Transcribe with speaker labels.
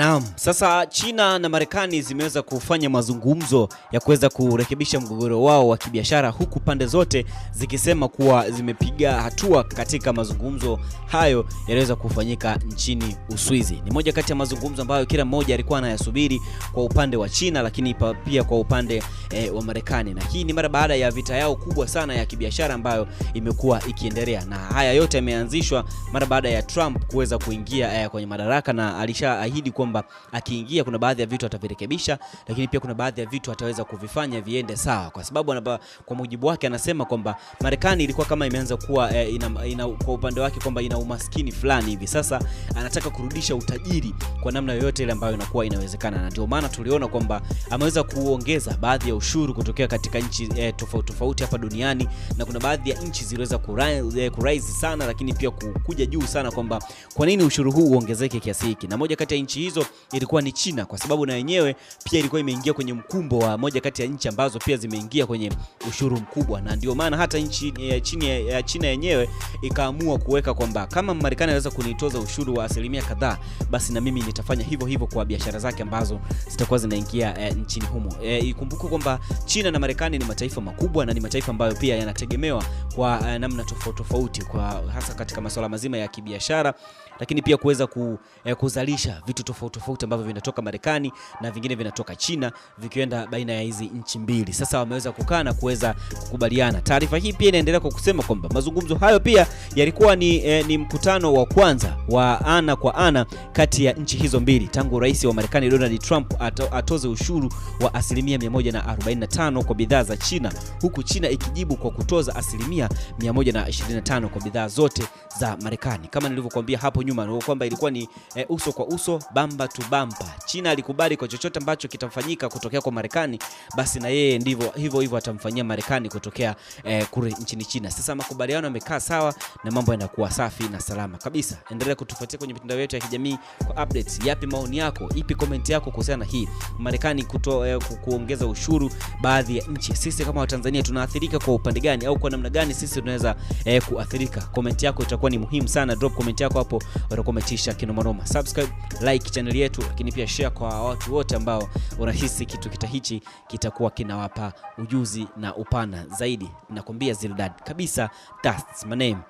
Speaker 1: Naam, sasa China na Marekani zimeweza kufanya mazungumzo ya kuweza kurekebisha mgogoro wao wa kibiashara huku pande zote zikisema kuwa zimepiga hatua katika mazungumzo hayo yaliweza kufanyika nchini Uswizi. Ni moja kati ya mazungumzo ambayo kila mmoja alikuwa anayasubiri kwa upande wa China, lakini pia kwa upande eh, wa Marekani, na hii ni mara baada ya vita yao kubwa sana ya kibiashara ambayo imekuwa ikiendelea, na haya yote yameanzishwa mara baada ya Trump kuweza kuingia eh, kwenye madaraka na alishaahidi kuwa kwamba akiingia kuna baadhi ya vitu atavirekebisha, lakini pia kuna baadhi ya vitu ataweza kuvifanya viende sawa, kwa sababu anaba, kwa mujibu wake anasema kwamba Marekani ilikuwa kama imeanza kuwa e, ina, ina, kwa upande wake kwamba ina umaskini fulani hivi. Sasa anataka kurudisha utajiri kwa namna yoyote ile ambayo inakuwa inawezekana, na ndio maana tuliona kwamba ameweza kuongeza baadhi ya ushuru kutokea katika nchi e, tofauti tofauti hapa duniani, na kuna baadhi ya nchi ziliweza kurise, eh, sana, lakini pia kukuja juu sana kwamba kwa nini ushuru huu uongezeke kiasi hiki, na moja kati ya nchi hizo ilikuwa ni China, kwa sababu na yenyewe pia ilikuwa imeingia kwenye mkumbo wa moja kati ya nchi ambazo pia zimeingia kwenye ushuru mkubwa, na ndio maana hata nchi eh, ya chini ya China yenyewe ikaamua kuweka kwamba kama Marekani anaweza kunitoza ushuru wa asilimia kadhaa, basi na mimi nitafanya hivyo hivyo kwa biashara zake ambazo zitakuwa zinaingia e, nchini humo. E, ikumbuke kwamba China na Marekani ni mataifa makubwa na ni mataifa ambayo pia yanategemewa kwa e, namna tofauti tofauti, kwa hasa katika masuala mazima ya kibiashara, lakini pia kuweza ku, e, kuzalisha vitu tofauti tofauti tofauti ambavyo vinatoka Marekani na vingine vinatoka China vikienda baina ya hizi nchi mbili. Sasa wameweza kukaa na kuweza kukubaliana. Taarifa hii pia inaendelea kwa kusema kwamba mazungumzo hayo pia yalikuwa ni, eh, ni mkutano wa kwanza wa ana kwa ana kati ya nchi hizo mbili tangu rais wa Marekani Donald Trump ato, atoze ushuru wa asilimia 145 kwa bidhaa za China huku China ikijibu kwa kutoza asilimia 125 kwa bidhaa zote za Marekani. Kama nilivyokuambia hapo nyuma kwamba ilikuwa ni eh, uso kwa uso bam bamba tu bamba. China alikubali kwa chochote ambacho kitafanyika kutokea kwa Marekani, basi na yeye ndivyo hivyo hivyo atamfanyia Marekani kutokea eh, kule nchini China. Sasa makubaliano yamekaa sawa na mambo yanakuwa safi na salama kabisa. Endelea kutufuatia kwenye mitandao yetu ya kijamii kwa updates. Yapi maoni yako? Ipi comment yako kuhusiana na hii Marekani kuto, eh, kuongeza ushuru baadhi ya nchi? Sisi kama Watanzania tunaathirika kwa upande gani, au kwa namna gani sisi tunaweza eh, kuathirika? Comment yako itakuwa ni muhimu sana. Drop comment yako hapo, utakometisha kinomanoma. Subscribe, like channel yetu, lakini pia share kwa watu wote ambao unahisi kitu kita hichi kitakuwa kinawapa ujuzi na upana zaidi. Nakwambia Zildad kabisa, that's my name.